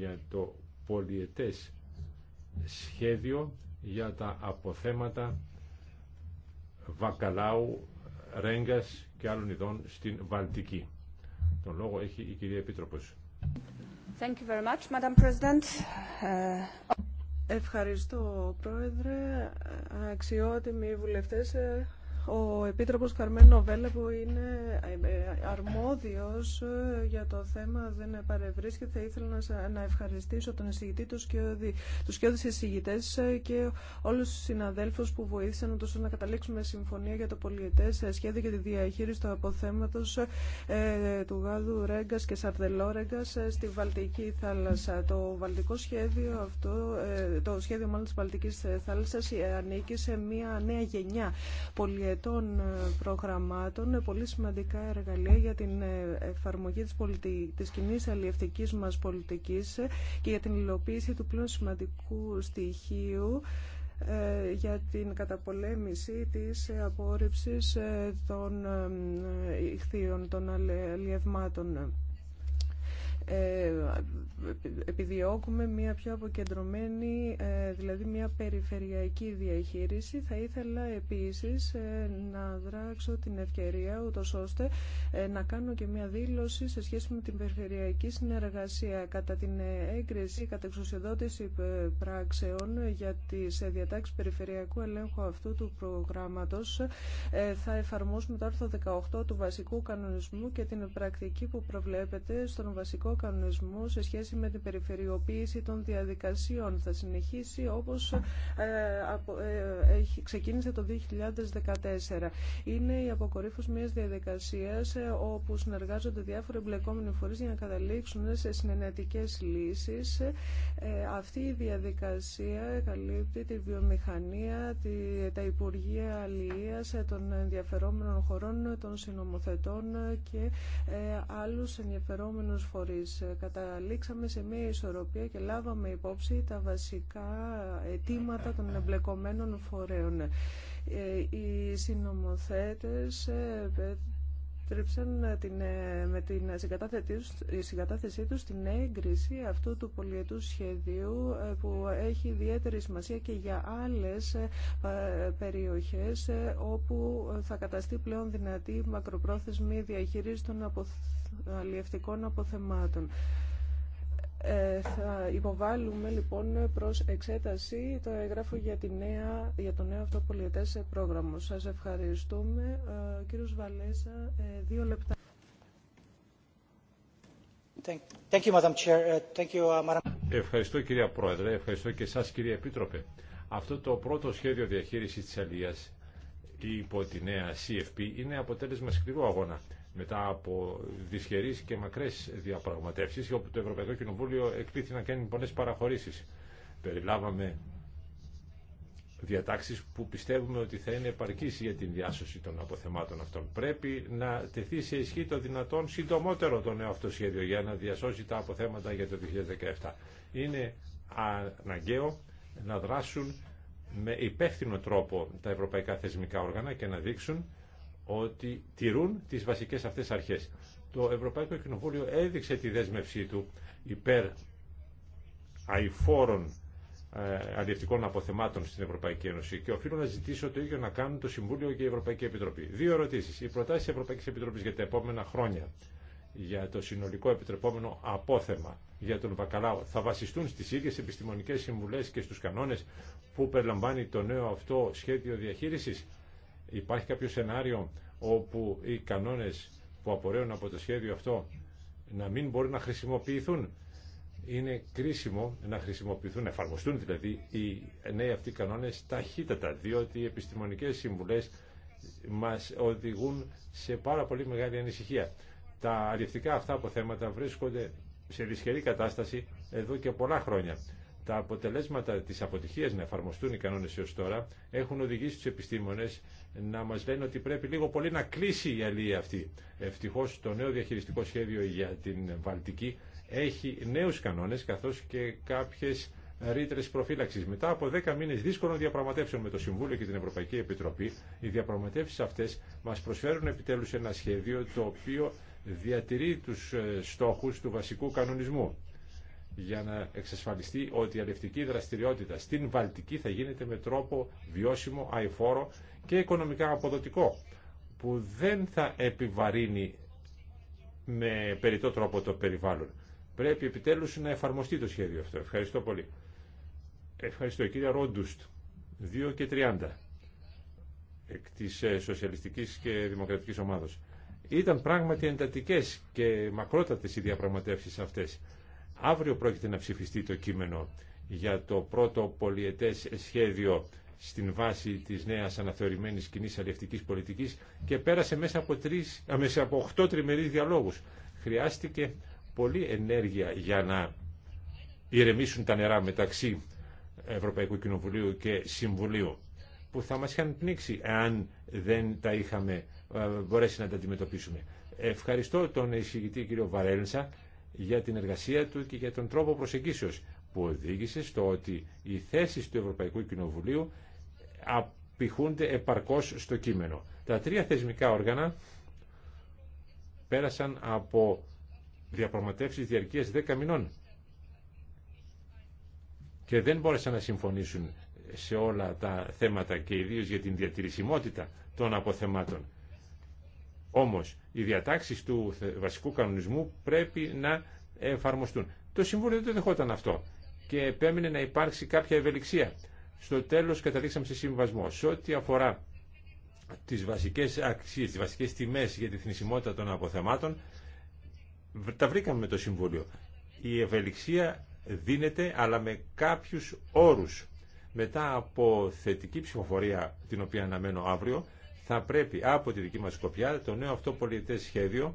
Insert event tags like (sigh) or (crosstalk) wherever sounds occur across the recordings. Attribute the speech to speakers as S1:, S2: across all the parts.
S1: για το πολιετές σχέδιο για τα αποθέματα βακαλάου, ρέγγας και άλλων ειδών στην Βαλτική. Τον λόγο έχει η κυρία Επίτροπος.
S2: Thank you
S3: very much, Madam President. Ευχαριστώ, Πρόεδρε. Αξιότιμοι βουλευτές, ο Επίτροπος Καρμένο Βέλε που είναι ε, ε, αρμόδιος ε, για το θέμα δεν παρευρίσκεται. Θα ήθελα να ευχαριστήσω τον εισηγητή, τους κοιόδης εισηγητές και όλους τους συναδέλφους που βοήθησαν τόσο να καταλήξουμε συμφωνία για το πολιετές σχέδιο για τη διαχείριση του αποθέματος του γάδου Ρέγκας και Σαρδελό στη Βαλτική θάλασσα. Το βαλτικό σχέδιο αυτό, το σχέδιο μάλλον της Βαλτικής θάλασσας ανήκει σε μια νέα γενιά πολιετές των ε, προγραμμάτων ε, πολύ σημαντικά εργαλεία για την ε, εφαρμογή της, πολιτι... της κοινής αλλιευτικής μας πολιτικής και για την υλοποίηση του πλέον σημαντικού στοιχείου για την καταπολέμηση της απόρριψης των ηχθείων των αλλιευμάτων. Ε, επιδιώκουμε μια πιο αποκεντρωμένη, ε, δηλαδή μια περιφερειακή διαχείριση. Θα ήθελα επίσης ε, να δράξω την ευκαιρία ούτως ώστε να κάνω και μια δήλωση σε σχέση με την περιφερειακή συνεργασία κατά την έγκριση, κατά εξουσιοδότηση πράξεων για τις διατάξεις περιφερειακού ελέγχου αυτού του προγράμματος. Θα εφαρμόσουμε το άρθρο 18 του βασικού κανονισμού και την πρακτική που προβλέπεται στον βασικό κανονισμού σε σχέση με την περιφερειοποίηση των διαδικασιών. Θα συνεχίσει όπως ε, ε, ξεκίνησε το 2014. Είναι η αποκορύφωση μιας διαδικασίας ε, όπου συνεργάζονται διάφοροι εμπλεκόμενοι φορείς για να καταλήξουν σε συνενετικές λύσεις. Αυτή η διαδικασία καλύπτει τη βιομηχανία, τα Υπουργεία Αλληλείας των ενδιαφερόμενων χωρών, των συνομοθετών και άλλους ενδιαφερόμενους φορείς. Ε, καταλήξαμε σε μια ισορροπία και λάβαμε υπόψη τα βασικά αιτήματα των εμπλεκομένων φορέων. Ε, οι συνομοθέτες ε, επέτρεψαν με την συγκατάθεσή τους την έγκριση αυτού του πολιετού σχεδίου που έχει ιδιαίτερη σημασία και για άλλες περιοχές όπου θα καταστεί πλέον δυνατή μακροπρόθεσμη διαχείριση των αποθέσεων αλλιευτικών αποθεμάτων. Ε, θα υποβάλουμε λοιπόν προς εξέταση το έγγραφο για, τη νέα, για το νέο αυτό πρόγραμμα. Σας ευχαριστούμε. Ε, κύριος Βαλέσα, ε, δύο λεπτά. Thank you, Madam Chair. Ε, thank
S1: you, uh, Madam... Ευχαριστώ κυρία Πρόεδρε, ευχαριστώ και εσάς κύριε Επίτροπε. Αυτό το πρώτο σχέδιο διαχείρισης της αλίας υπό τη νέα CFP είναι αποτέλεσμα σκληρού αγώνα μετά από δυσχερείς και μακρές διαπραγματεύσεις όπου το Ευρωπαϊκό Κοινοβούλιο εκπίθη να κάνει πολλές παραχωρήσεις. Περιλάβαμε διατάξεις που πιστεύουμε ότι θα είναι επαρκής για την διάσωση των αποθεμάτων αυτών. Πρέπει να τεθεί σε ισχύ το δυνατόν συντομότερο το νέο αυτό σχέδιο για να διασώσει τα αποθέματα για το 2017. Είναι αναγκαίο να δράσουν με υπεύθυνο τρόπο τα ευρωπαϊκά θεσμικά όργανα και να δείξουν ότι τηρούν τις βασικές αυτές αρχές. Το Ευρωπαϊκό Κοινοβούλιο έδειξε τη δέσμευσή του υπέρ αηφόρων ε, αλληλευτικών αποθεμάτων στην Ευρωπαϊκή Ένωση και οφείλω να ζητήσω το ίδιο να κάνουν το Συμβούλιο και η Ευρωπαϊκή Επιτροπή. Δύο ερωτήσει. Οι προτάσει τη Ευρωπαϊκή Επιτροπή για τα επόμενα χρόνια για το συνολικό επιτρεπόμενο απόθεμα για τον Βακαλάο θα βασιστούν στι ίδιε επιστημονικέ συμβουλέ και στου κανόνε που περιλαμβάνει το νέο αυτό σχέδιο διαχείριση. Υπάρχει κάποιο σενάριο όπου οι κανόνες που απορρέουν από το σχέδιο αυτό να μην μπορούν να χρησιμοποιηθούν. Είναι κρίσιμο να χρησιμοποιηθούν, να εφαρμοστούν δηλαδή οι νέοι αυτοί κανόνες ταχύτατα, διότι οι επιστημονικές συμβουλές μας οδηγούν σε πάρα πολύ μεγάλη ανησυχία. Τα αλληλευτικά αυτά αποθέματα βρίσκονται σε δυσχερή κατάσταση εδώ και πολλά χρόνια. Τα αποτελέσματα της αποτυχίας να εφαρμοστούν οι κανόνες έως τώρα έχουν οδηγήσει τους επιστήμονες να μας λένε ότι πρέπει λίγο πολύ να κλείσει η αλία αυτή. Ευτυχώς το νέο διαχειριστικό σχέδιο για την Βαλτική έχει νέους κανόνες καθώς και κάποιες ρήτρε προφύλαξη. Μετά από 10 μήνε δύσκολων διαπραγματεύσεων με το Συμβούλιο και την Ευρωπαϊκή Επιτροπή, οι διαπραγματεύσει αυτέ μα προσφέρουν επιτέλου ένα σχέδιο το οποίο διατηρεί του ε, στόχου του βασικού κανονισμού για να εξασφαλιστεί ότι η αλευτική δραστηριότητα στην Βαλτική θα γίνεται με τρόπο βιώσιμο, αηφόρο και οικονομικά αποδοτικό, που δεν θα επιβαρύνει με περιττό τρόπο το περιβάλλον. Πρέπει επιτέλους να εφαρμοστεί το σχέδιο αυτό. Ευχαριστώ πολύ. Ευχαριστώ κύριε Ρόντουστ. 2 και 30 εκ της ε, Σοσιαλιστικής και Δημοκρατικής Ομάδος. Ήταν πράγματι εντατικές και μακρότατες οι διαπραγματεύσεις αυτές. Αύριο πρόκειται να ψηφιστεί το κείμενο για το πρώτο πολιετές σχέδιο στην βάση της νέας αναθεωρημένης κοινή αλληλευτικής πολιτικής και πέρασε μέσα από, τρεις, μέσα από 8 τριμερείς διαλόγους. Χρειάστηκε πολλή ενέργεια για να ηρεμήσουν τα νερά μεταξύ Ευρωπαϊκού Κοινοβουλίου και Συμβουλίου που θα μας είχαν πνίξει αν δεν τα είχαμε μπορέσει να τα αντιμετωπίσουμε. Ευχαριστώ τον εισηγητή κύριο Βαρέλνσα για την εργασία του και για τον τρόπο προσεγγίσεως που οδήγησε στο ότι οι θέσεις του Ευρωπαϊκού Κοινοβουλίου απηχούνται επαρκώς στο κείμενο. Τα τρία θεσμικά όργανα πέρασαν από διαπραγματεύσεις διαρκείας 10 μηνών και δεν μπόρεσαν να συμφωνήσουν σε όλα τα θέματα και ιδίως για την διατηρησιμότητα των αποθεμάτων. Όμως οι διατάξεις του βασικού κανονισμού πρέπει να εφαρμοστούν. Το Συμβούλιο δεν το δεχόταν αυτό και επέμεινε να υπάρξει κάποια ευελιξία. Στο τέλος καταλήξαμε σε συμβασμό. Σε ό,τι αφορά τις βασικές αξίες, τις βασικές τιμές για τη θνησιμότητα των αποθεμάτων, τα βρήκαμε με το Συμβούλιο. Η ευελιξία δίνεται αλλά με κάποιους όρους. Μετά από θετική ψηφοφορία, την οποία αναμένω αύριο, θα πρέπει από τη δική μας σκοπιά το νέο αυτό πολιτές σχέδιο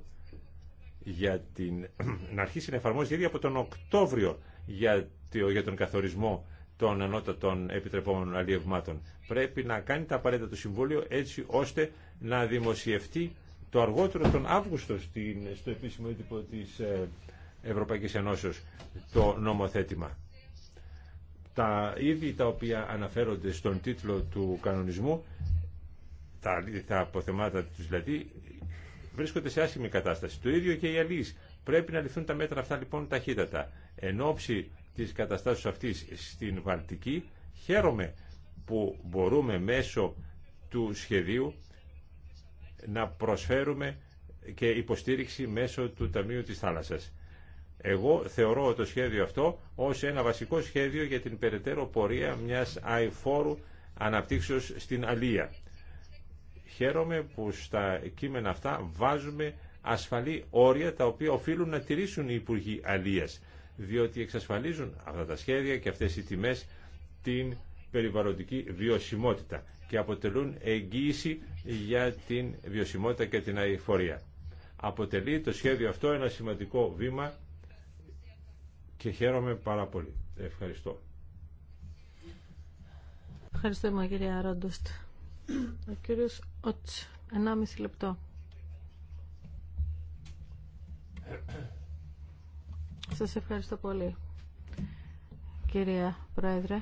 S1: για την, (clears throat) να αρχίσει να εφαρμόζεται ήδη από τον Οκτώβριο για, για τον καθορισμό των ανώτατων επιτρεπόμενων αλλιευμάτων. Πρέπει να κάνει τα απαραίτητα το Συμβούλιο έτσι ώστε να δημοσιευτεί το αργότερο τον Αύγουστο στην, στο επίσημο έντυπο της ε, Ευρωπαϊκής Ενώσεως το νομοθέτημα. Τα είδη τα οποία αναφέρονται στον τίτλο του κανονισμού τα, αποθεμάτα του, δηλαδή βρίσκονται σε άσχημη κατάσταση. Το ίδιο και οι αλλοί. Πρέπει να ληφθούν τα μέτρα αυτά λοιπόν ταχύτατα. Εν ώψη της καταστάσεως αυτής στην Βαλτική χαίρομαι που μπορούμε μέσω του σχεδίου να προσφέρουμε και υποστήριξη μέσω του Ταμείου της Θάλασσας. Εγώ θεωρώ το σχέδιο αυτό ως ένα βασικό σχέδιο για την περαιτέρω πορεία μιας αηφόρου αναπτύξεως στην Αλία. Χαίρομαι που στα κείμενα αυτά βάζουμε ασφαλή όρια τα οποία οφείλουν να τηρήσουν οι Υπουργοί Αλίας διότι εξασφαλίζουν αυτά τα σχέδια και αυτές οι τιμές την περιβαλλοντική βιωσιμότητα και αποτελούν εγγύηση για την βιωσιμότητα και την αηφορία. Αποτελεί το σχέδιο αυτό ένα σημαντικό βήμα και χαίρομαι πάρα πολύ. Ευχαριστώ.
S4: κύριε ο κύριος Ότς, 1,5 λεπτό. Σας ευχαριστώ πολύ, κυρία Πρόεδρε.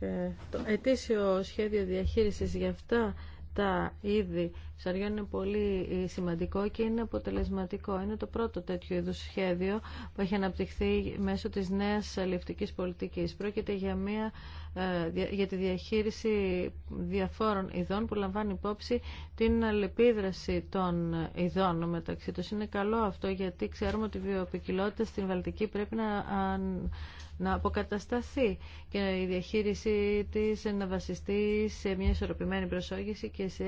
S4: Ε, το ετήσιο σχέδιο διαχείρισης για αυτά τα είδη ψαριών είναι πολύ ε, σημαντικό και είναι αποτελεσματικό. Είναι το πρώτο τέτοιο είδου σχέδιο που έχει αναπτυχθεί μέσω της νέας αλληλευτική πολιτικής. Πρόκειται για, μια, ε, για τη διαχείριση διαφόρων ειδών που λαμβάνει υπόψη την αλληλεπίδραση των ειδών μεταξύ του. Είναι καλό αυτό γιατί ξέρουμε ότι η βιοποικιλότητα στην Βαλτική πρέπει να να αποκατασταθεί και η διαχείρισή της να βασιστεί σε μια ισορροπημένη προσόγηση και σε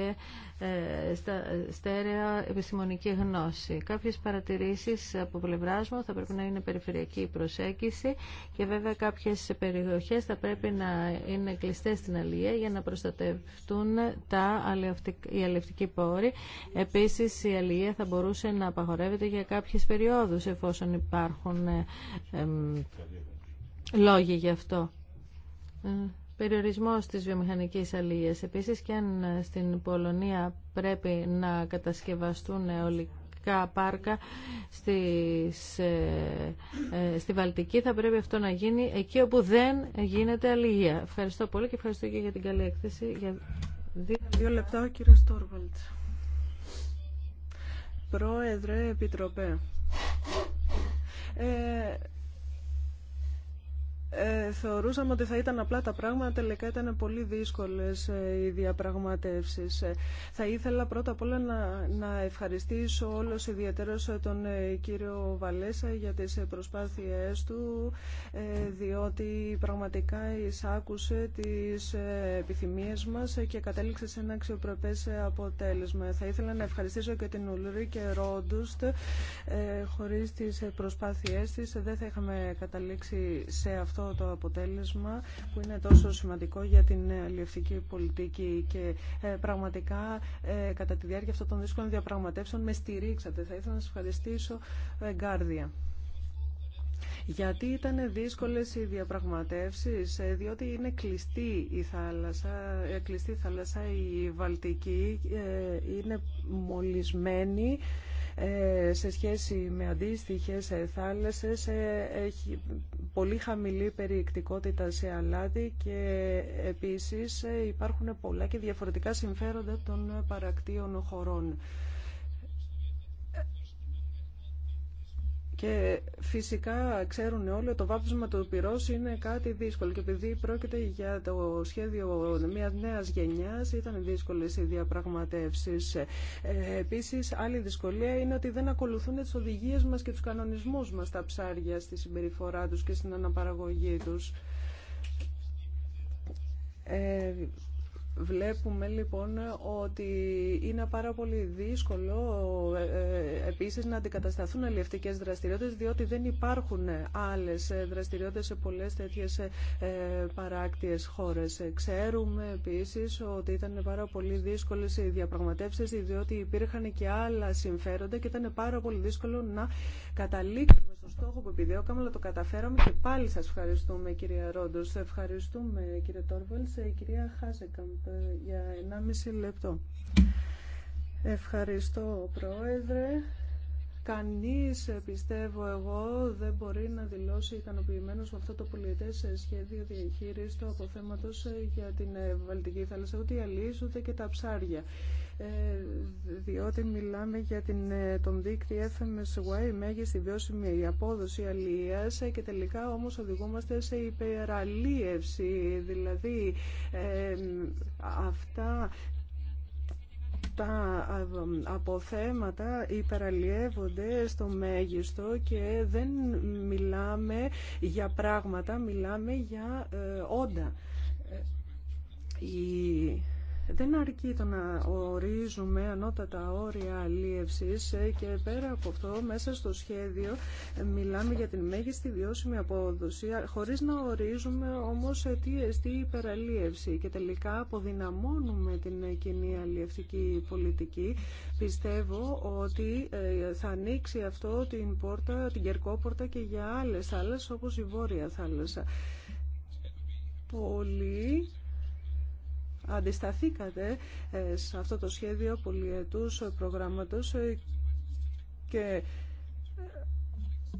S4: ε, στα, στέρεα επιστημονική γνώση. Κάποιες παρατηρήσεις από πλευρά μου θα πρέπει να είναι περιφερειακή προσέγγιση και βέβαια κάποιες περιοχές θα πρέπει να είναι κλειστές στην αλληλεία για να προστατευτούν τα οι αλληλευτικοί πόροι. Επίσης η αλληλεία θα μπορούσε να απαγορεύεται για κάποιες περιόδους εφόσον υπάρχουν ε, ε, λόγοι γι' αυτό. Ε, περιορισμός της βιομηχανικής αλληλείας. Επίσης και αν ε, στην Πολωνία πρέπει να κατασκευαστούν αιωλικά πάρκα ε, ε, στη Βαλτική θα πρέπει αυτό να γίνει εκεί όπου δεν γίνεται αλληλεία. Ευχαριστώ πολύ και ευχαριστώ και για την καλή έκθεση. Για
S3: δύο, λεπτά ο κύριος Πρόεδρε Επιτροπέ. Ε, θεωρούσαμε ότι θα ήταν απλά τα πράγματα, τελικά ήταν πολύ δύσκολες ε, οι διαπραγματεύσεις. Ε, θα ήθελα πρώτα απ' όλα να, να ευχαριστήσω όλος ιδιαίτερα ε, τον κύριο Βαλέσα για τις προσπάθειές του, διότι πραγματικά εισάκουσε τις επιθυμίες μας και κατέληξε σε ένα αξιοπρεπές αποτέλεσμα. Θα ήθελα να ευχαριστήσω και την Ουλρή και Ρόντουστ, χωρίς τις προσπάθειές της δεν θα είχαμε καταλήξει σε αυτό το αποτέλεσμα που είναι τόσο σημαντικό για την αλληλευτική πολιτική και ε, πραγματικά ε, κατά τη διάρκεια αυτών των δύσκολων διαπραγματεύσεων με στηρίξατε. Θα ήθελα να σας ευχαριστήσω εγκάρδια. Γιατί ήταν δύσκολες οι διαπραγματεύσεις, ε, διότι είναι κλειστή η θάλασσα, κλειστή η θάλασσα η Βαλτική, είναι μολυσμένη σε σχέση με αντίστοιχες θάλασσες ε, έχει πολύ χαμηλή περιεκτικότητα σε αλάτι και επίσης ε, υπάρχουν πολλά και διαφορετικά συμφέροντα των παρακτήων χωρών. Και φυσικά ξέρουν όλοι ότι το βάπτισμα του πυρός είναι κάτι δύσκολο και επειδή πρόκειται για το σχέδιο μια νέας γενιάς ήταν δύσκολες οι διαπραγματεύσεις. Ε, επίσης άλλη δυσκολία είναι ότι δεν ακολουθούν τις οδηγίες μας και τους κανονισμούς μας τα ψάρια στη συμπεριφορά τους και στην αναπαραγωγή τους. Ε, Βλέπουμε λοιπόν ότι είναι πάρα πολύ δύσκολο ε, ε, επίσης να αντικατασταθούν αλληλευτικές δραστηριότητες διότι δεν υπάρχουν άλλες δραστηριότητες σε πολλές τέτοιες ε, παράκτιες χώρες. Ξέρουμε επίσης ότι ήταν πάρα πολύ δύσκολες οι διαπραγματεύσεις διότι υπήρχαν και άλλα συμφέροντα και ήταν πάρα πολύ δύσκολο να καταλήξουμε στόχο που επιδιώκαμε, αλλά το καταφέραμε και πάλι σας ευχαριστούμε κυρία Ρόντος. Ευχαριστούμε κύριε Τόρβελς, ε, κυρία Χάζεκαμπ ε, για 1,5 λεπτό. Ευχαριστώ πρόεδρε. Κανείς, ε, πιστεύω εγώ, δεν μπορεί να δηλώσει ικανοποιημένο με αυτό το σε σχέδιο διαχείριση του αποθέματος για την Βαλτική θάλασσα, ούτε οι ούτε και τα ψάρια. Ε, διότι μιλάμε για την, ε, τον δίκτυ FMSY, μέγιστη βιώσιμη απόδοση αλληλείας ε, και τελικά όμως οδηγούμαστε σε υπεραλίευση, δηλαδή ε, αυτά τα αποθέματα υπεραλλιεύονται στο μέγιστο και δεν μιλάμε για πράγματα, μιλάμε για ε, όντα. Δεν αρκεί το να ορίζουμε ανώτατα όρια αλίευσης ε, και πέρα από αυτό μέσα στο σχέδιο ε, μιλάμε για την μέγιστη βιώσιμη απόδοση χωρίς να ορίζουμε όμως ε, τι εστί υπεραλίευση και τελικά αποδυναμώνουμε την κοινή αλλιευτική πολιτική. Πιστεύω ότι θα ανοίξει αυτό την πόρτα, την κερκόπορτα και για άλλες θάλασσες όπως η Βόρεια Θάλασσα. Πολύ αντισταθήκατε ε, σε αυτό το σχέδιο πολυετούς προγράμματος ε, και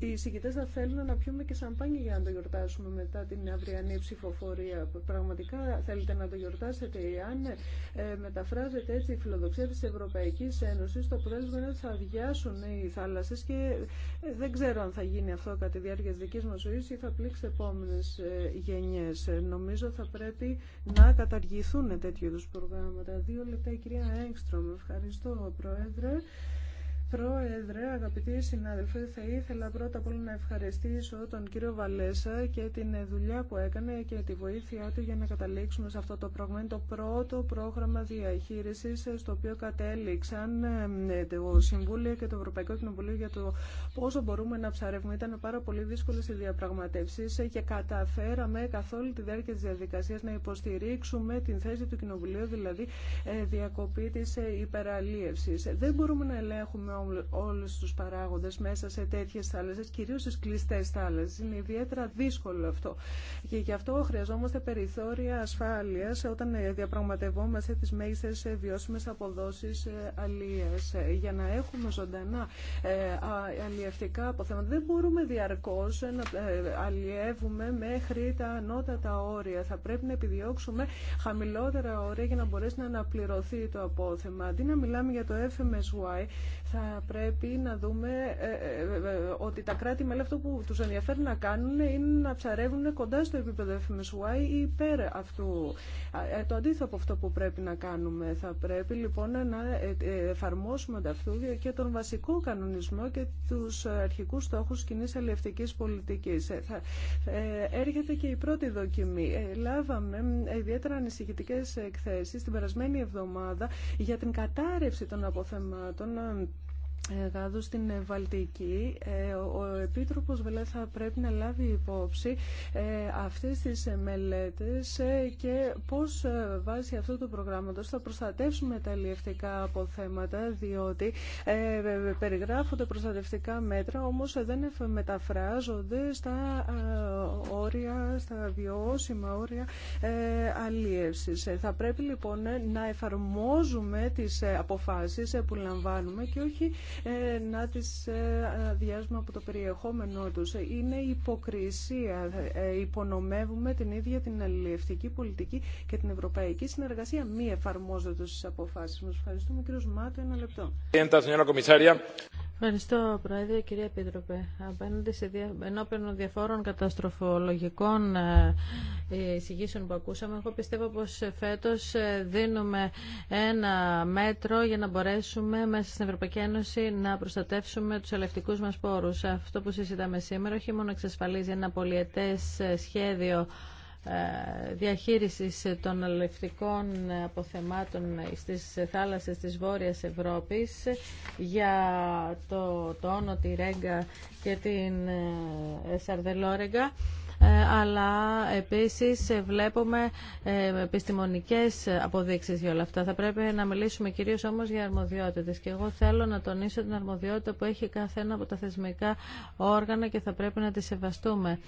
S3: οι συγκητές θα θέλουν να πιούμε και σαμπάνι για να το γιορτάσουμε μετά την αυριανή ψηφοφορία. Πραγματικά θέλετε να το γιορτάσετε εάν ε, μεταφράζεται έτσι η φιλοδοξία τη Ευρωπαϊκή Ένωση. το αποτέλεσμα είναι ότι θα αδειάσουν οι θάλασσε και ε, δεν ξέρω αν θα γίνει αυτό κατά τη διάρκεια τη δική μα ζωή η κυρία Έγκστρομ. ειδου προγραμματα δυο λεπτα η Πρόεδρε. Πρόεδρε, αγαπητοί συνάδελφοι, θα ήθελα πρώτα απ' όλα να ευχαριστήσω τον κύριο Βαλέσα και την δουλειά που έκανε και τη βοήθειά του για να καταλήξουμε σε αυτό το πρόγραμμα. Είναι το πρώτο πρόγραμμα διαχείριση στο οποίο κατέληξαν το Συμβούλιο και το Ευρωπαϊκό Κοινοβούλιο για το πόσο μπορούμε να ψαρεύουμε. Ήταν πάρα πολύ δύσκολε οι διαπραγματεύσει και καταφέραμε καθ' όλη τη διάρκεια τη διαδικασία να υποστηρίξουμε την θέση του Κοινοβουλίου, δηλαδή ε, διακοπή τη ε, υπεραλίευση. Δεν μπορούμε να ελέγχουμε όλους τους παράγοντες μέσα σε τέτοιες θάλασσες, κυρίως στις κλειστές θάλασσες. Είναι ιδιαίτερα δύσκολο αυτό. Και γι' αυτό χρειαζόμαστε περιθώρια ασφάλειας όταν ε, διαπραγματευόμαστε τις μέγιστες ε, βιώσιμες αποδόσεις ε, αλίες. Για να έχουμε ζωντανά αλλιευτικά αποθέματα. Δεν μπορούμε διαρκώς να αλλιεύουμε μέχρι τα ανώτατα όρια. Θα πρέπει να επιδιώξουμε χαμηλότερα όρια για να μπορέσει να αναπληρωθεί το απόθεμα. Αντί να μιλάμε για το FMSY, θα πρέπει να δούμε ε, ε, ε, ότι τα κράτη μέλη αυτό που τους ενδιαφέρει να κάνουν είναι να ψαρεύουν κοντά στο επίπεδο FMSY ή υπέρ αυτού. Το αντίθετο από αυτό που πρέπει να κάνουμε. Θα πρέπει λοιπόν να εφαρμόσουμε ανταυτού και τον βασικό κανονισμό και τους αρχικούς στόχους κοινή αλληλευτικής πολιτικής. Έρχεται και η πρώτη δοκιμή. Λάβαμε ιδιαίτερα ανησυχητικέ εκθέσεις την περασμένη εβδομάδα για την κατάρρευση των αποθεμάτων γάδους στην Βαλτική. Ε, ο Επίτροπος Βελέ θα πρέπει να λάβει υπόψη ε, αυτές τις μελέτες ε, και πώς βάσει αυτού του προγράμματος θα προστατεύσουμε τα αλλιευτικά αποθέματα διότι περιγράφονται προστατευτικά μέτρα όμως δεν μεταφράζονται στα όρια, στα βιώσιμα όρια αλλιεύσης. Θα πρέπει λοιπόν να εφαρμόζουμε τις αποφάσεις που λαμβάνουμε και όχι ε, να τις ε, αδειάζουμε από το περιεχόμενό τους. Είναι υποκρισία. Ε, υπονομεύουμε την ίδια την αλληλευτική πολιτική και την ευρωπαϊκή συνεργασία μη εφαρμόζοντας τις αποφάσεις μας. Ευχαριστούμε κύριος Μάτο. Ένα λεπτό.
S4: Ευχαριστώ, Πρόεδρε. Κυρία Επίτροπε,
S3: απέναντι σε δια... ενώπιον
S4: διαφόρων καταστροφολογικών ε, εισηγήσεων που ακούσαμε, εγώ πιστεύω πως φέτος ε, δίνουμε ένα μέτρο για να μπορέσουμε μέσα στην Ευρωπαϊκή Ένωση να προστατεύσουμε τους ελευθερικούς μας πόρους. Αυτό που συζητάμε σήμερα όχι μόνο εξασφαλίζει ένα πολιετές ε, σχέδιο ε, διαχείρισης των αλληλευτικών αποθεμάτων στις θάλασσες της Βόρειας Ευρώπης για το, τόνο, τη Ρέγκα και την ε, Σαρδελόρεγκα ε, αλλά επίσης βλέπουμε επιστημονικές αποδείξεις για όλα αυτά. Θα πρέπει να μιλήσουμε κυρίως όμως για αρμοδιότητες και εγώ θέλω να τονίσω την αρμοδιότητα που έχει κάθε ένα από τα θεσμικά όργανα και θα πρέπει να τη σεβαστούμε.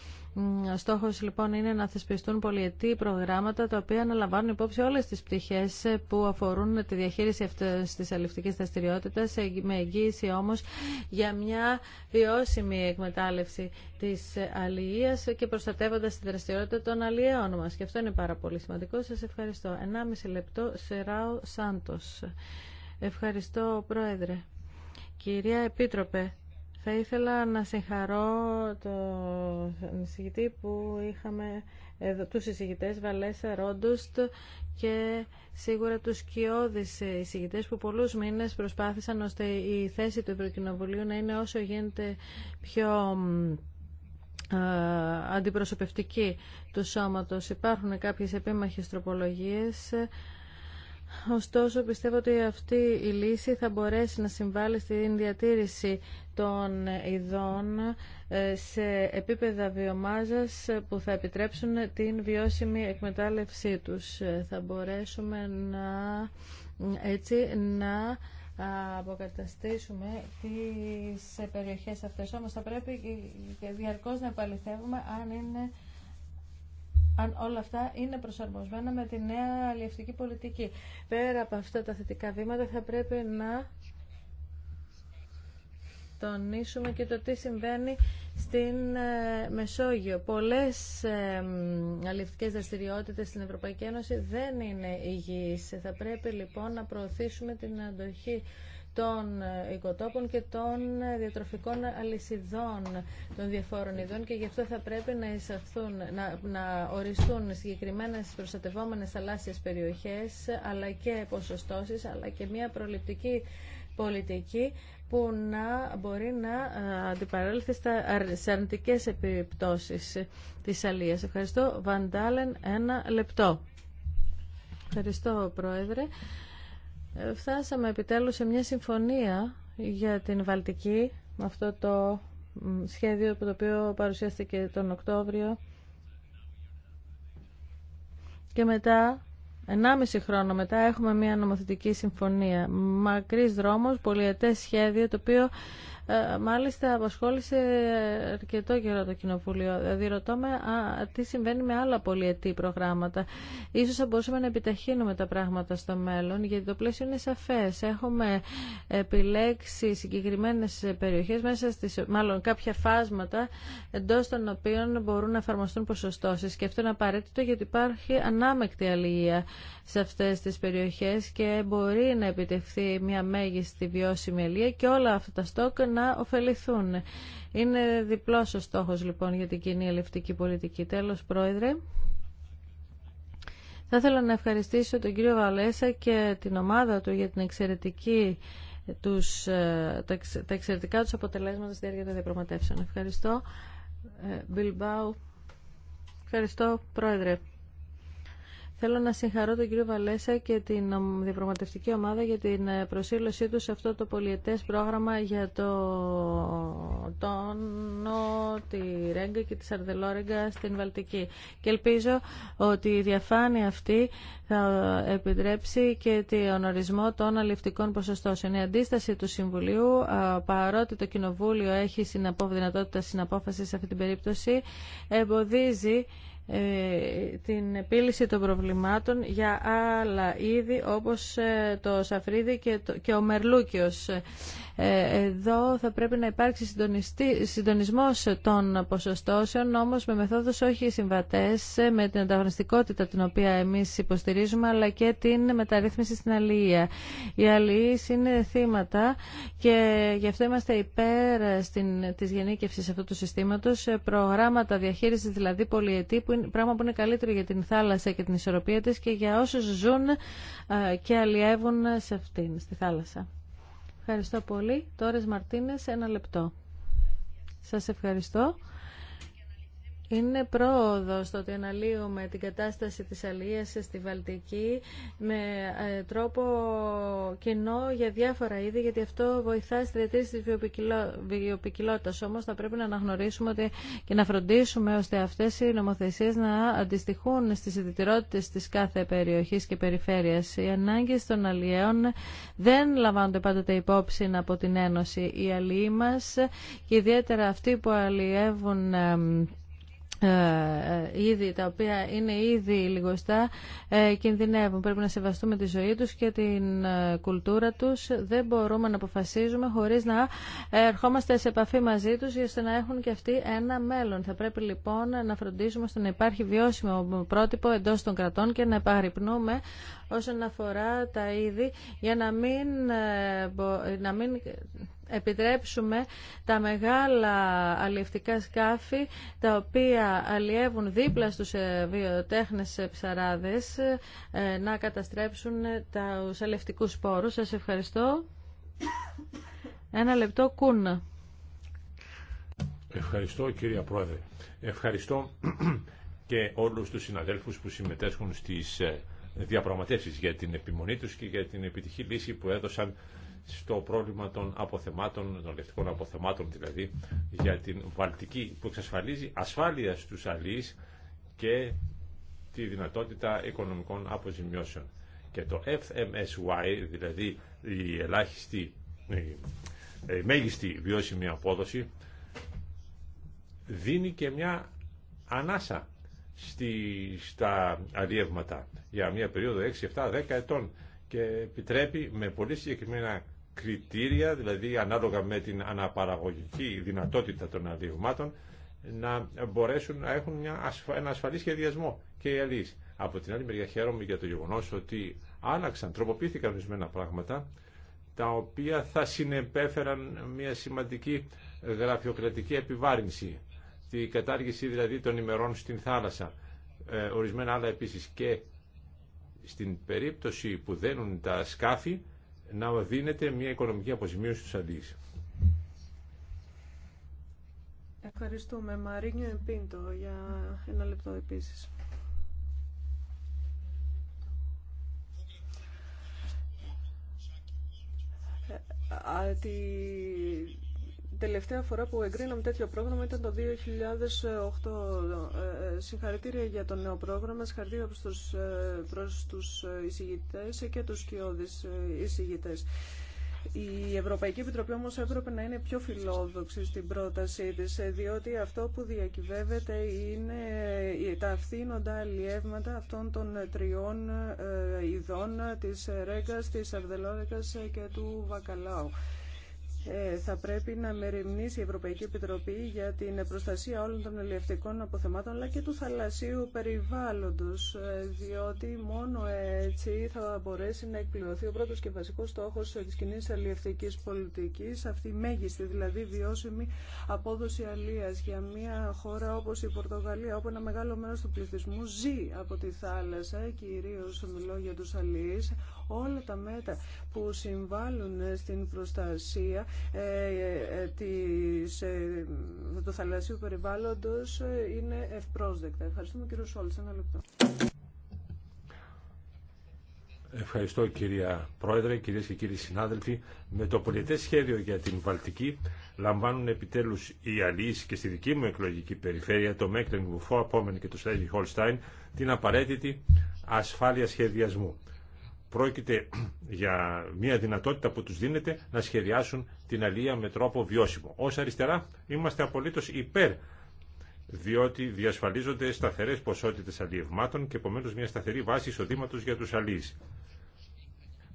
S4: Ο στόχος λοιπόν είναι να θεσπιστούν πολιετή προγράμματα τα οποία αναλαμβάνουν υπόψη όλες τις πτυχές ε, που αφορούν τη διαχείριση αυτή της αλληλευτικής δραστηριότητα ε, με εγγύηση όμως για μια βιώσιμη εκμετάλλευση τη ε, αλληλεία και προστατεύοντας τη δραστηριότητα των αλληλεών μα Και αυτό είναι πάρα πολύ σημαντικό. Σα ευχαριστώ. 1,5 λεπτό Σεράου Σάντος. Ευχαριστώ Πρόεδρε. Κυρία Επίτροπε, θα ήθελα να συγχαρώ το εισηγητή που είχαμε εδώ, τους εισηγητές Βαλέσα Ρόντουστ και σίγουρα τους κοιόδης εισηγητές που πολλούς μήνες προσπάθησαν ώστε η θέση του Ευρωκοινοβουλίου να είναι όσο γίνεται πιο αντιπροσωπευτική του σώματος. Υπάρχουν κάποιες επίμαχες τροπολογίες Ωστόσο, πιστεύω ότι αυτή η λύση θα μπορέσει να συμβάλλει στην διατήρηση των ειδών ε, σε επίπεδα βιομάζας που θα επιτρέψουν την βιώσιμη εκμετάλλευσή τους. Ε, θα μπορέσουμε να, έτσι, να αποκαταστήσουμε τις περιοχές αυτές. Όμως θα πρέπει και διαρκώς να επαληθεύουμε αν είναι αν όλα αυτά είναι προσαρμοσμένα με τη νέα αλληλευτική πολιτική. Πέρα από αυτά τα θετικά βήματα θα πρέπει να τονίσουμε και το τι συμβαίνει στην ε, Μεσόγειο. Πολλές ε, αλληλευτικές δραστηριότητες στην Ευρωπαϊκή Ένωση δεν είναι υγιείς. Θα πρέπει λοιπόν να προωθήσουμε την αντοχή των οικοτόπων και των διατροφικών αλυσιδών των διαφόρων ειδών και γι' αυτό θα πρέπει να, εισαχθούν, να, να οριστούν συγκεκριμένες προστατευόμενες θαλάσσιες περιοχές αλλά και ποσοστώσεις αλλά και μια προληπτική πολιτική που να μπορεί να ε, αντιπαρέλθει στα, αρνητικέ αρνητικές επιπτώσεις της αλίας. Ευχαριστώ. Βαντάλεν, ένα λεπτό. Ευχαριστώ, Πρόεδρε. Ε, φτάσαμε επιτέλους σε μια συμφωνία για την Βαλτική με αυτό το σχέδιο που το οποίο παρουσιάστηκε τον Οκτώβριο και μετά 1,5 χρόνο μετά έχουμε μια νομοθετική συμφωνία. Μακρύς δρόμος, πολυετές σχέδιο, το οποίο ε, μάλιστα απασχόλησε αρκετό καιρό το Κοινοβούλιο. Δηλαδή ρωτώ α, τι συμβαίνει με άλλα πολυετή προγράμματα. Ίσως θα μπορούσαμε να επιταχύνουμε τα πράγματα στο μέλλον, γιατί το πλαίσιο είναι σαφές. Έχουμε επιλέξει συγκεκριμένες περιοχές, μέσα στις, μάλλον κάποια φάσματα, εντός των οποίων μπορούν να εφαρμοστούν ποσοστώσεις. Και αυτό είναι απαραίτητο γιατί υπάρχει ανάμεκτη αλληλεία σε αυτές τις περιοχές και μπορεί να επιτευχθεί μια μέγιστη βιώσιμη αλληλεία και όλα αυτά τα στόκ να να ωφεληθούν. Είναι διπλός ο στόχος λοιπόν για την κοινή ελευτική πολιτική. Τέλος, Πρόεδρε. Θα ήθελα να ευχαριστήσω τον κύριο Βαλέσα και την ομάδα του για την εξαιρετική τους, ε, τα, εξαιρετικά τους αποτελέσματα στη διάρκεια των διαπραγματεύσεων. Ευχαριστώ. Μπιλμπάου. Ε, Ευχαριστώ, Πρόεδρε. Θέλω να συγχαρώ τον κύριο Βαλέσα και την διαπραγματευτική ομάδα για την ε, προσήλωσή του σε αυτό το πολιετές πρόγραμμα για το τόνο, τη Ρέγκα και τη Σαρδελόρεγκα στην Βαλτική. Και ελπίζω ότι η διαφάνεια αυτή θα επιτρέψει και τον ορισμό των αληφτικών ποσοστώσεων. Η αντίσταση του Συμβουλίου, παρότι το Κοινοβούλιο έχει δυνατότητα συναπόφαση σε αυτή την περίπτωση, εμποδίζει ε, την επίλυση των προβλημάτων για άλλα είδη όπως ε, το σαφρίδι και, το, και ο μερλούκιος. Ε, εδώ θα πρέπει να υπάρξει συντονισμός των ποσοστώσεων όμως με μεθόδους όχι συμβατές με την ανταγωνιστικότητα την οποία εμείς υποστηρίζουμε αλλά και την μεταρρύθμιση στην αλληλεία. Οι αλληλείς είναι θύματα και γι' αυτό είμαστε υπέρ στην, της γενίκευσης αυτού του συστήματος προγράμματα διαχείρισης δηλαδή πολυετή που πράγμα που είναι καλύτερο για την θάλασσα και την ισορροπία της και για όσους ζουν και αλλιεύουν σε αυτήν, στη θάλασσα. Ευχαριστώ πολύ. Τώρα, Μαρτίνες, ένα λεπτό. Σας ευχαριστώ. Είναι πρόοδο το ότι αναλύουμε την κατάσταση της αλληλείας στη Βαλτική με ε, τρόπο κοινό για διάφορα είδη, γιατί αυτό βοηθά στη διατήρηση της βιοπικιλότητας. Όμως θα πρέπει να αναγνωρίσουμε ότι και να φροντίσουμε ώστε αυτές οι νομοθεσίες να αντιστοιχούν στις ιδιαιτερότητες της κάθε περιοχής και περιφέρειας. Οι ανάγκες των αλλιέων δεν λαμβάνονται πάντοτε υπόψη από την Ένωση. Οι αλλοί μας και ιδιαίτερα αυτοί που αλλιεύουν ε, ε, είδη τα οποία είναι ήδη λιγοστά ε, κινδυνεύουν. Πρέπει να σεβαστούμε τη ζωή τους και την κουλτούρα τους. Δεν μπορούμε να αποφασίζουμε χωρίς να ερχόμαστε σε επαφή μαζί τους ώστε να έχουν και αυτοί ένα μέλλον. Θα πρέπει λοιπόν να φροντίσουμε ώστε να υπάρχει βιώσιμο πρότυπο εντός των κρατών και να επαγρυπνούμε όσον αφορά τα είδη για να μην, να μην επιτρέψουμε τα μεγάλα αλλιευτικά σκάφη τα οποία αλλιεύουν δίπλα στους ε, βιοτέχνες ε, ψαράδες ε, να καταστρέψουν τα αλλιευτικούς σπόρους. Σας ευχαριστώ. Ένα λεπτό κούνα.
S1: Ευχαριστώ κυρία Πρόεδρε. Ευχαριστώ (clears throat) και όλους τους συναδέλφους που συμμετέσχουν στις διαπραγματεύσεις για την επιμονή τους και για την επιτυχή λύση που έδωσαν στο πρόβλημα των αποθεμάτων, των λευτικών αποθεμάτων δηλαδή, για την Βαλτική που εξασφαλίζει ασφάλεια στους αλληλείς και τη δυνατότητα οικονομικών αποζημιώσεων. Και το FMSY, δηλαδή η ελάχιστη, η μέγιστη βιώσιμη απόδοση, δίνει και μια ανάσα στη, στα αλλιεύματα για μια περίοδο 6, 7, 10 ετών και επιτρέπει με πολύ συγκεκριμένα κριτήρια, δηλαδή ανάλογα με την αναπαραγωγική δυνατότητα των αδειγμάτων, να μπορέσουν να έχουν μια ένα ασφαλή σχεδιασμό και οι Από την άλλη μεριά χαίρομαι για το γεγονός ότι άλλαξαν, τροποποιήθηκαν ορισμένα πράγματα, τα οποία θα συνεπέφεραν μια σημαντική γραφειοκρατική επιβάρυνση, τη κατάργηση δηλαδή των ημερών στην θάλασσα, ε, ορισμένα άλλα επίσης και στην περίπτωση που δένουν τα σκάφη να δίνεται μια οικονομική αποζημίωση στους αντίς.
S3: Ευχαριστούμε. Μαρίνιο Εμπίντο για ένα λεπτό επίση. Ε, τελευταία φορά που εγκρίναμε τέτοιο πρόγραμμα ήταν το 2008. Ε, ε, συγχαρητήρια για το νέο πρόγραμμα, συγχαρητήρια προς τους, ε, προς τους εισηγητές και τους σκιώδεις εισηγητές. Η Ευρωπαϊκή Επιτροπή όμως έπρεπε να είναι πιο φιλόδοξη στην πρότασή της, διότι αυτό που διακυβεύεται είναι τα αυθύνοντα αλλιεύματα αυτών των τριών ειδών της ρέγκας, της αρδελόρικας και του βακαλάου. Ε, θα πρέπει να μεριμνήσει η Ευρωπαϊκή Επιτροπή για την προστασία όλων των ελευθερικών αποθεμάτων αλλά και του θαλασσίου περιβάλλοντος ε, διότι μόνο έτσι θα μπορέσει να εκπληρωθεί ο πρώτος και βασικός στόχος της κοινή αλιευτικής πολιτικής αυτή η μέγιστη δηλαδή βιώσιμη απόδοση αλίας για μια χώρα όπως η Πορτογαλία όπου ένα μεγάλο μέρος του πληθυσμού ζει από τη θάλασσα κυρίως μιλώ για τους αλίες όλα τα μέτρα που συμβάλλουν στην προστασία ε, ε, της, ε, του θαλασσίου περιβάλλοντος είναι ευπρόσδεκτα. Ευχαριστούμε κύριο Σόλτς. Ένα λεπτό.
S1: Ευχαριστώ κυρία Πρόεδρε, κυρίες και κύριοι συνάδελφοι. Με το πολιτές σχέδιο για την Βαλτική λαμβάνουν επιτέλους οι αλλοίς και στη δική μου εκλογική περιφέρεια, το Μέκλεν Βουφό, Απόμενη και το Σλέζι Χολστάιν, την απαραίτητη ασφάλεια σχεδιασμού πρόκειται για μια δυνατότητα που τους δίνεται να σχεδιάσουν την αλία με τρόπο βιώσιμο. Ως αριστερά είμαστε απολύτως υπέρ διότι διασφαλίζονται σταθερές ποσότητες αλλιευμάτων και επομένω μια σταθερή βάση εισοδήματο για τους αλείς.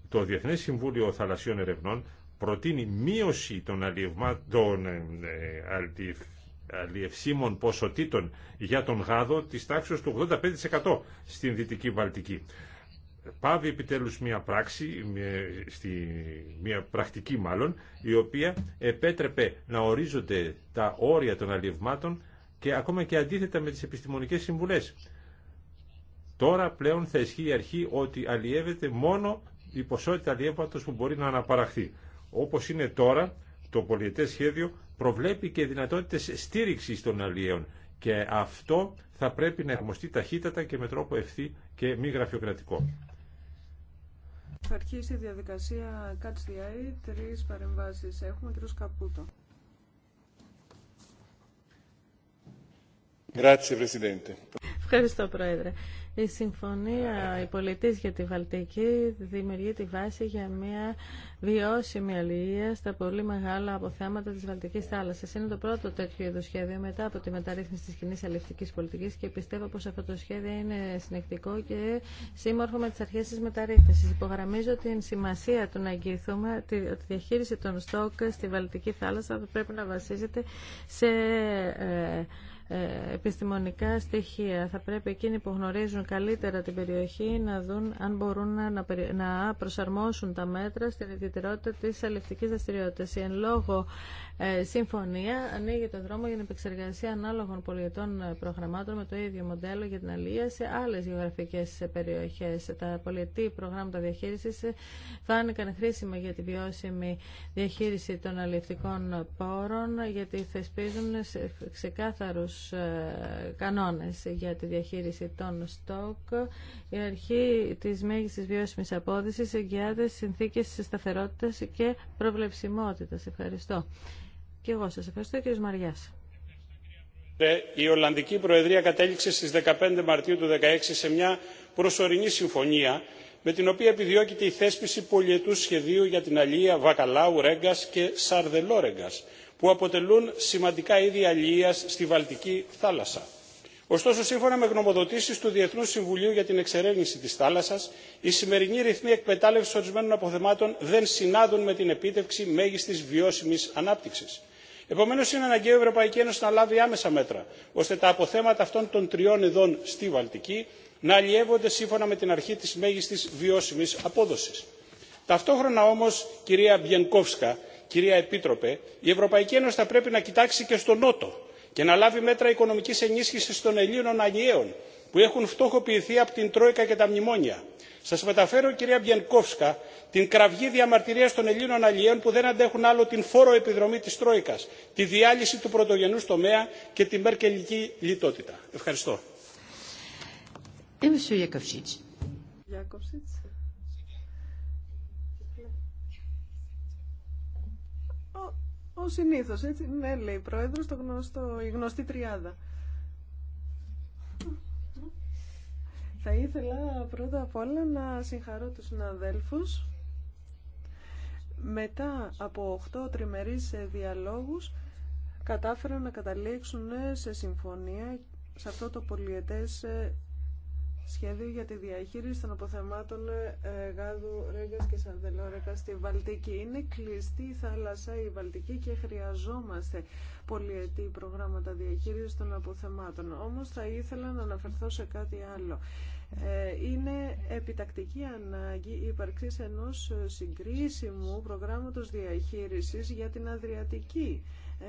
S1: Το Διεθνές Συμβούλιο Θαλασσίων Ερευνών προτείνει μείωση των, των ε, ε, αλλιευσίμων ποσοτήτων για τον γάδο της τάξης του 85% στην Δυτική Βαλτική πάβει επιτέλους μια πράξη, στη, μια πρακτική μάλλον, η οποία επέτρεπε να ορίζονται τα όρια των αλλιευμάτων και ακόμα και αντίθετα με τις επιστημονικές συμβουλές. Τώρα πλέον θα ισχύει η αρχή ότι αλλιεύεται μόνο η ποσότητα αλλιεύματος που μπορεί να αναπαραχθεί. Όπως είναι τώρα, το πολιετές σχέδιο προβλέπει και δυνατότητες στήριξης των αλλιέων και αυτό θα πρέπει να εφαρμοστεί ταχύτατα και με τρόπο ευθύ και μη γραφειοκρατικό.
S3: Θα αρχίσει η διαδικασία Catch the Eye. Τρεις παρεμβάσεις έχουμε. Κύριο Καπούτο.
S4: Ευχαριστώ, Πρόεδρε. Η Συμφωνία Πολιτής για τη Βαλτική δημιουργεί τη βάση για μια βιώσιμη αλληλεία στα πολύ μεγάλα αποθέματα της Βαλτικής θάλασσας. Είναι το πρώτο τέτοιο είδους σχέδιο μετά από τη μεταρρύθμιση της κοινή αλληλευτικής πολιτικής και πιστεύω πως αυτό το σχέδιο είναι συνεκτικό και σύμμορφο με τις αρχές της μεταρρύθμισης. Υπογραμμίζω την σημασία του να εγγυηθούμε ότι η διαχείριση των στόκ στη Βαλτική θάλασσα θα πρέπει να βασίζεται σε ε, ε, επιστημονικά στοιχεία. Θα πρέπει εκείνοι που γνωρίζουν καλύτερα την περιοχή, να δουν αν μπορούν να, να προσαρμόσουν τα μέτρα στην ιδιαιτερότητα τη αλληλευτικής δραστηριότητα. Η εν λόγω ε, συμφωνία ανοίγει το δρόμο για την επεξεργασία ανάλογων πολιετών ε, προγραμμάτων με το ίδιο μοντέλο για την αλληλεία σε άλλε γεωγραφικέ ε, περιοχέ. Τα πολιετή προγράμματα διαχείρισης φάνηκαν χρήσιμα για τη βιώσιμη διαχείριση των αλληλευτικών πόρων γιατί θεσπίζουν ξεκάθαρους κανόνε για τη διαχείριση των στόχων ΠΑΣΟΚ, η αρχή της μέγιστης βιώσιμης απόδυσης εγγυάται συνθήκες σταθερότητας και προβλεψιμότητας. Ευχαριστώ. Και εγώ σας ευχαριστώ, κύριος Μαριάς.
S2: Ε, η Ολλανδική Προεδρία κατέληξε στις 15 Μαρτίου του 2016 σε μια προσωρινή συμφωνία με την οποία επιδιώκεται η θέσπιση πολιετού σχεδίου για την αλία βακαλάου ρέγκα και σαρδελόρεγκα που αποτελούν σημαντικά είδη στη βαλτική θάλασσα. Ωστόσο, σύμφωνα με γνωμοδοτήσει του Διεθνού Συμβουλίου για την Εξερεύνηση τη Θάλασσα, οι σημερινοί ρυθμοί εκμετάλλευση ορισμένων αποθεμάτων δεν συνάδουν με την επίτευξη μέγιστη βιώσιμη ανάπτυξη. Επομένω, είναι αναγκαίο η Ευρωπαϊκή Ένωση να λάβει άμεσα μέτρα, ώστε τα αποθέματα αυτών των τριών ειδών στη Βαλτική να αλλιεύονται σύμφωνα με την αρχή τη μέγιστη βιώσιμη απόδοση. Ταυτόχρονα όμω, κυρία Μπιενκόφσκα, κυρία Επίτροπε, η Ευρωπαϊκή Ένωση θα πρέπει να κοιτάξει και στον Νότο και να λάβει μέτρα οικονομικής ενίσχυσης των ελλήνων αλλιέων που έχουν φτωχοποιηθεί από την τρόικα και τα μνημόνια. Σας μεταφέρω κυρία Μπιενκόφσκα την κραυγή διαμαρτυρίας των Ελλήνων αλλιέων που δεν αντέχουν άλλο την φόρο επιδρομή της Τρόικας, τη διάλυση του πρωτογενού τομέα και τη μερκελική λιτότητα.
S1: Ευχαριστώ. Ε,
S3: συνήθως, έτσι, ναι, λέει η Πρόεδρος, το γνωστό, η γνωστή τριάδα. Θα ήθελα πρώτα απ' όλα να συγχαρώ τους συναδέλφους. Μετά από 8 τριμερείς διαλόγους κατάφεραν να καταλήξουν σε συμφωνία σε αυτό το πολιετές σχέδιο για τη διαχείριση των αποθεμάτων ε, γάδου Ρέγκας και Σανδελόρεκα στη Βαλτική. Είναι κλειστή η θάλασσα η Βαλτική και χρειαζόμαστε πολυετή προγράμματα διαχείρισης των αποθεμάτων. Όμως θα ήθελα να αναφερθώ σε κάτι άλλο. Ε, είναι επιτακτική ανάγκη η ύπαρξη ενός συγκρίσιμου προγράμματος διαχείρισης για την Αδριατική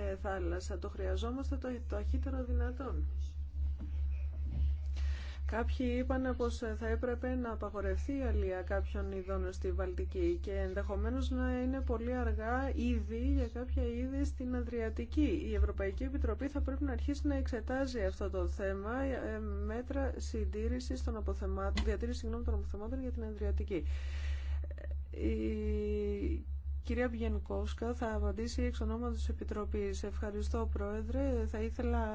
S3: ε, θάλασσα. Το χρειαζόμαστε το ταχύτερο δυνατόν. Κάποιοι είπαν πως θα έπρεπε να απαγορευτεί η αλία κάποιων ειδών στη Βαλτική και ενδεχομένως να είναι πολύ αργά ήδη για κάποια είδη στην Αδριατική. Η Ευρωπαϊκή Επιτροπή θα πρέπει να αρχίσει να εξετάζει αυτό το θέμα ε, ε, μέτρα συντήρησης των αποθεμάτων, διατήρηση συγγνώμη, των αποθεμάτων για την Αδριατική. Ε, η κυρία Μπιενκόσκα θα απαντήσει εξ ονόματος τη Επιτροπής. Ευχαριστώ Πρόεδρε. Θα ήθελα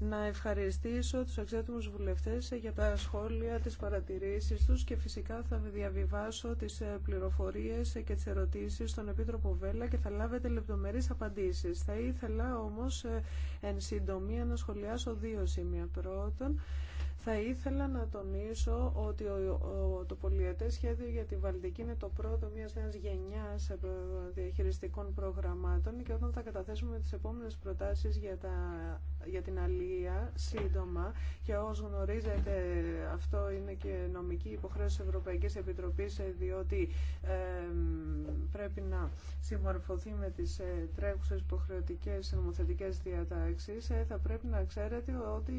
S3: να ευχαριστήσω τους αξιότιμους βουλευτές για τα σχόλια, τις παρατηρήσεις τους και φυσικά θα διαβιβάσω τις ε, πληροφορίες και τις ερωτήσεις στον Επίτροπο Βέλα και θα λάβετε λεπτομερείς απαντήσεις. Θα ήθελα όμως ε, εν συντομία να σχολιάσω δύο σημεία. Πρώτον, θα ήθελα να τονίσω ότι το πολιετές σχέδιο για τη Βαλτική είναι το πρώτο μιας νέας γενιάς ε, διαχειριστικών προγραμμάτων και όταν θα καταθέσουμε τις επόμενες προτάσεις για, τα, για την αλία σύντομα και όσο γνωρίζετε αυτό είναι και νομική υποχρέωση της Ευρωπαϊκής Επιτροπής ε, διότι πρέπει να συμμορφωθεί με τις ε, τρέχουσες υποχρεωτικές νομοθετικές διατάξεις ε, θα πρέπει να ξέρετε ότι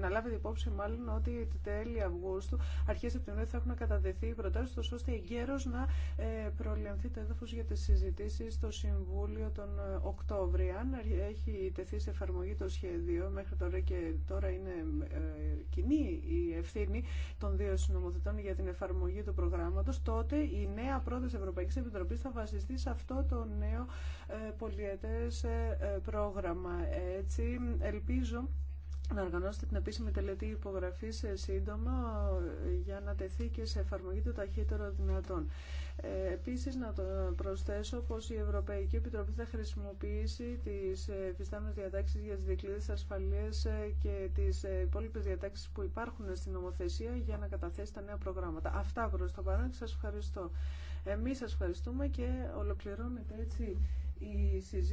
S3: να λάβετε υπόψη μάλλον ότι τέλη Αυγούστου, αρχέ Σεπτεμβρίου θα έχουν καταδεθεί οι προτάσει, ώστε εγκαίρω να ε, προληφθεί το έδαφο για τι συζητήσει στο Συμβούλιο τον ε, Οκτώβριο. Αν έχει τεθεί σε εφαρμογή το σχέδιο, μέχρι τώρα και τώρα είναι ε, κοινή η ευθύνη των δύο συνομοθετών για την εφαρμογή του προγράμματο, τότε η νέα πρόταση Ευρωπαϊκή Επιτροπή θα βασιστεί σε αυτό το νέο πολιετέ πρόγραμμα. Έτσι, ελπίζω να οργανώσετε την επίσημη τελετή υπογραφή σε σύντομα ε, για να τεθεί και σε εφαρμογή το ταχύτερο δυνατόν. Ε, επίσης να το προσθέσω πως η Ευρωπαϊκή Επιτροπή θα χρησιμοποιήσει τις εφιστάμενες διατάξεις για τις δικλείδες ασφαλείας ε, και τις ε, υπόλοιπε διατάξεις που υπάρχουν στην νομοθεσία για να καταθέσει τα νέα προγράμματα. Αυτά προς το παρόν και σας ευχαριστώ. Εμείς σας ευχαριστούμε και ολοκληρώνεται έτσι η συζήτηση.